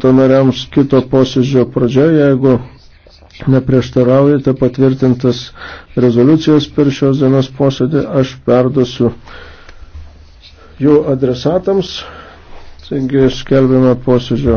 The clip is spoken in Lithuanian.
donoriams kito posėdžio pradžioje, jeigu neprieštaraujate patvirtintas rezoliucijas per šios dienos posėdį, aš perduosiu jų adresatams, taigi skelbime posėdžio.